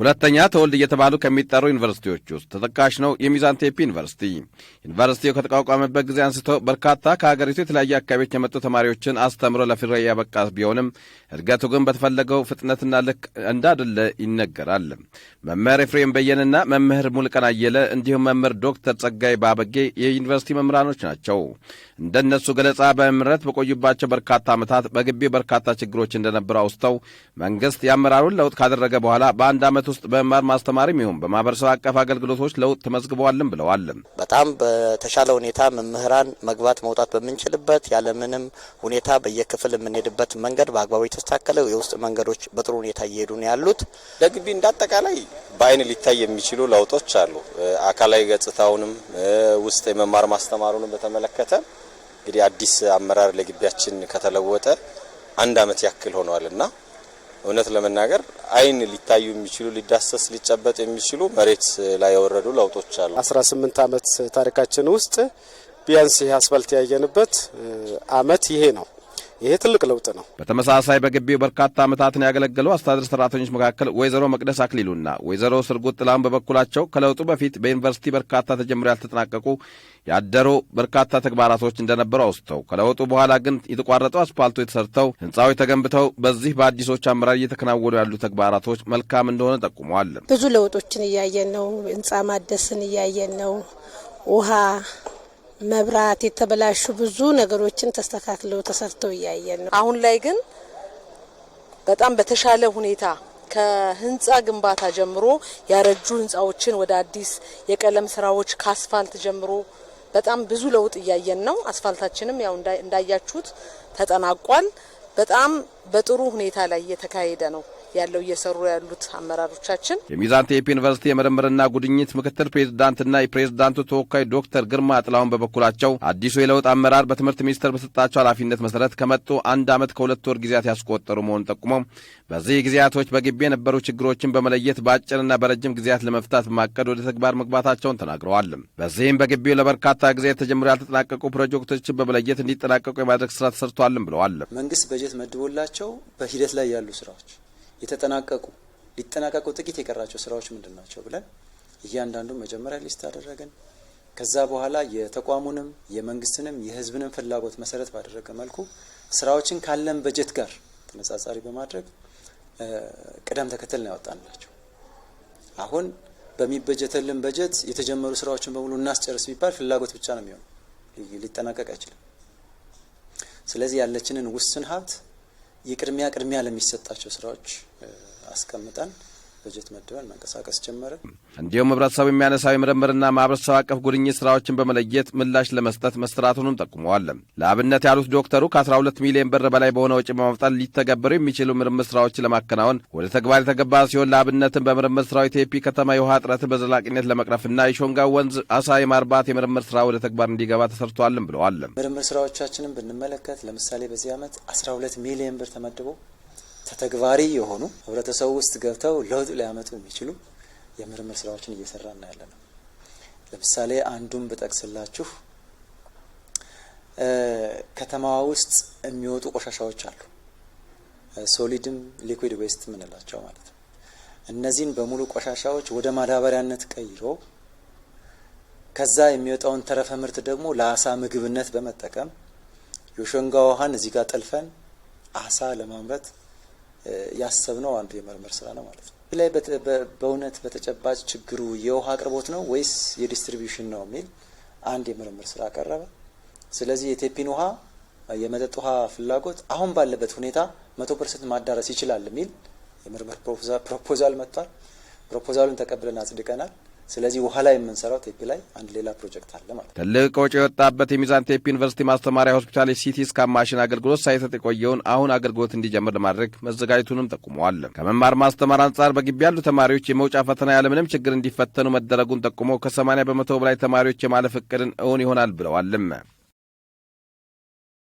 ሁለተኛ ተወልድ እየተባሉ ከሚጠሩ ዩኒቨርሲቲዎች ውስጥ ተጠቃሽ ነው የሚዛን ቴፒ ዩኒቨርሲቲ። ዩኒቨርሲቲው ከተቋቋመበት ጊዜ አንስቶ በርካታ ከሀገሪቱ የተለያዩ አካባቢዎች የመጡ ተማሪዎችን አስተምሮ ለፍሬ ያበቃ ቢሆንም እድገቱ ግን በተፈለገው ፍጥነትና ልክ እንዳደለ ይነገራል። መምህር ኤፍሬም በየንና መምህር ሙልቀን አየለ እንዲሁም መምህር ዶክተር ጸጋይ ባበጌ የዩኒቨርሲቲ መምህራኖች ናቸው። እንደነሱ ገለጻ በምረት በቆዩባቸው በርካታ ዓመታት በግቢ በርካታ ችግሮች እንደነበሩ አውስተው መንግስት የአመራሩን ለውጥ ካደረገ በኋላ በአንድ ዓመት ዓመት ውስጥ በመማር ማስተማርም ይሁን በማህበረሰብ አቀፍ አገልግሎቶች ለውጥ ተመዝግበዋልም ብለዋል። በጣም በተሻለ ሁኔታ መምህራን መግባት መውጣት በምንችልበት ያለምንም ሁኔታ በየክፍል የምንሄድበት መንገድ በአግባቡ የተስተካከለ የውስጥ መንገዶች በጥሩ ሁኔታ እየሄዱ ነው ያሉት። ለግቢ እንዳጠቃላይ በአይን ሊታይ የሚችሉ ለውጦች አሉ። አካላዊ ገጽታውንም ውስጥ የመማር ማስተማሩንም በተመለከተ እንግዲህ አዲስ አመራር ለግቢያችን ከተለወጠ አንድ ዓመት ያክል ሆኗልና እውነት ለመናገር አይን ሊታዩ የሚችሉ ሊዳሰስ ሊጨበጥ የሚችሉ መሬት ላይ የወረዱ ለውጦች አሉ። 18 ዓመት ታሪካችን ውስጥ ቢያንስ ይህ አስፋልት ያየንበት አመት ይሄ ነው። ይሄ ትልቅ ለውጥ ነው። በተመሳሳይ በግቢው በርካታ ዓመታትን ያገለገሉ አስተዳደር ሰራተኞች መካከል ወይዘሮ መቅደስ አክሊሉና ወይዘሮ ስርጉት ጥላሁን በበኩላቸው ከለውጡ በፊት በዩኒቨርሲቲ በርካታ ተጀምሮ ያልተጠናቀቁ ያደሩ በርካታ ተግባራቶች እንደነበሩ አውስተው ከለውጡ በኋላ ግን የተቋረጠው አስፓልቶች ተሰርተው ህንፃዎች ተገንብተው በዚህ በአዲሶች አመራር እየተከናወኑ ያሉ ተግባራቶች መልካም እንደሆነ ጠቁመዋል። ብዙ ለውጦችን እያየን ነው። ህንፃ ማደስን እያየን ነው። ውሃ መብራት፣ የተበላሹ ብዙ ነገሮችን ተስተካክለው ተሰርተው እያየን ነው። አሁን ላይ ግን በጣም በተሻለ ሁኔታ ከህንፃ ግንባታ ጀምሮ ያረጁ ህንፃዎችን ወደ አዲስ የቀለም ስራዎች ከአስፋልት ጀምሮ በጣም ብዙ ለውጥ እያየን ነው። አስፋልታችንም ያው እንዳያችሁት ተጠናቋል። በጣም በጥሩ ሁኔታ ላይ እየተካሄደ ነው። ያለው እየሰሩ ያሉት አመራሮቻችን። የሚዛን ቴፒ ዩኒቨርሲቲ የምርምርና ጉድኝት ምክትል ፕሬዝዳንትና የፕሬዚዳንቱ ተወካይ ዶክተር ግርማ ጥላሁን በበኩላቸው አዲሱ የለውጥ አመራር በትምህርት ሚኒስቴር በሰጣቸው ኃላፊነት መሰረት ከመጡ አንድ ዓመት ከሁለት ወር ጊዜያት ያስቆጠሩ መሆኑን ጠቁመው በዚህ ጊዜያቶች በግቢ የነበሩ ችግሮችን በመለየት በአጭርና በረጅም ጊዜያት ለመፍታት በማቀድ ወደ ተግባር መግባታቸውን ተናግረዋል። በዚህም በግቢው ለበርካታ ጊዜ ተጀምሮ ያልተጠናቀቁ ፕሮጀክቶችን በመለየት እንዲጠናቀቁ የማድረግ ስራ ተሰርቷልም ብለዋል። መንግስት በጀት መድቦላቸው በሂደት ላይ ያሉ ስራዎች የተጠናቀቁ ሊጠናቀቁ ጥቂት የቀራቸው ስራዎች ምንድን ናቸው ብለን እያንዳንዱ መጀመሪያ ሊስት አደረግን። ከዛ በኋላ የተቋሙንም የመንግስትንም የህዝብንም ፍላጎት መሰረት ባደረገ መልኩ ስራዎችን ካለን በጀት ጋር ተነጻጻሪ በማድረግ ቅደም ተከተል ነው ያወጣንላቸው። አሁን በሚበጀተልን በጀት የተጀመሩ ስራዎችን በሙሉ እናስጨርስ ቢባል ፍላጎት ብቻ ነው የሚሆነው፣ ሊጠናቀቅ አይችልም። ስለዚህ ያለችንን ውስን ሀብት የቅድሚያ ቅድሚያ ለሚሰጣቸው ስራዎች አስቀምጠን በጀት መድበን መንቀሳቀስ ጀመረ። እንዲሁም ህብረተሰቡ የሚያነሳው የምርምርና ማህበረሰብ አቀፍ ጉድኝት ስራዎችን በመለየት ምላሽ ለመስጠት መስራቱንም ጠቁመዋል። ለአብነት ያሉት ዶክተሩ ከ12 ሚሊዮን ብር በላይ በሆነ ወጪ በማውጣት ሊተገበሩ የሚችሉ ምርምር ስራዎችን ለማከናወን ወደ ተግባር የተገባ ሲሆን ለአብነትም በምርምር ስራው የቴፒ ከተማ የውሃ እጥረትን በዘላቂነት ለመቅረፍና የሾንጋ ወንዝ አሳ የማርባት የምርምር ስራ ወደ ተግባር እንዲገባ ተሰርቷልም ብለዋል። ምርምር ስራዎቻችንም ብንመለከት ለምሳሌ በዚህ ዓመት 12 ሚሊዮን ብር ተመድቦ ተተግባሪ የሆኑ ህብረተሰቡ ውስጥ ገብተው ለውጥ ሊያመጡ የሚችሉ የምርምር ስራዎችን እየሰራ ያለ ነው። ለምሳሌ አንዱን ብጠቅስላችሁ ከተማዋ ውስጥ የሚወጡ ቆሻሻዎች አሉ። ሶሊድም ሊኩዊድ ዌስት የምንላቸው ማለት ነው። እነዚህን በሙሉ ቆሻሻዎች ወደ ማዳበሪያነት ቀይሮ ከዛ የሚወጣውን ተረፈ ምርት ደግሞ ለአሳ ምግብነት በመጠቀም የሾንጋ ውሀን እዚህ ጋር ጠልፈን አሳ ለማምረት ያሰብነው አንዱ የምርምር ስራ ነው ማለት ነው። ላይ በእውነት በተጨባጭ ችግሩ የውሃ አቅርቦት ነው ወይስ የዲስትሪቢዩሽን ነው የሚል አንድ የምርምር ስራ ቀረበ። ስለዚህ የቴፒን ውሃ የመጠጥ ውሃ ፍላጎት አሁን ባለበት ሁኔታ መቶ ፐርሰንት ማዳረስ ይችላል የሚል የምርምር ፕሮፖዛል መጥቷል። ፕሮፖዛሉን ተቀብለን አጽድቀናል። ስለዚህ ውሃ ላይ የምንሰራው ቴፒ ላይ አንድ ሌላ ፕሮጀክት አለ ማለት ነው። ትልቅ ወጪ የወጣበት የሚዛን ቴፒ ዩኒቨርሲቲ ማስተማሪያ ሆስፒታል የሲቲ ስካን ማሽን አገልግሎት ሳይሰጥ የቆየውን አሁን አገልግሎት እንዲጀምር ለማድረግ መዘጋጀቱንም ጠቁመዋል። ከመማር ማስተማር አንጻር በግቢ ያሉ ተማሪዎች የመውጫ ፈተና ያለምንም ችግር እንዲፈተኑ መደረጉን ጠቁሞ ከ80 በመቶ በላይ ተማሪዎች የማለፍ እቅድን እውን ይሆናል ብለዋልም።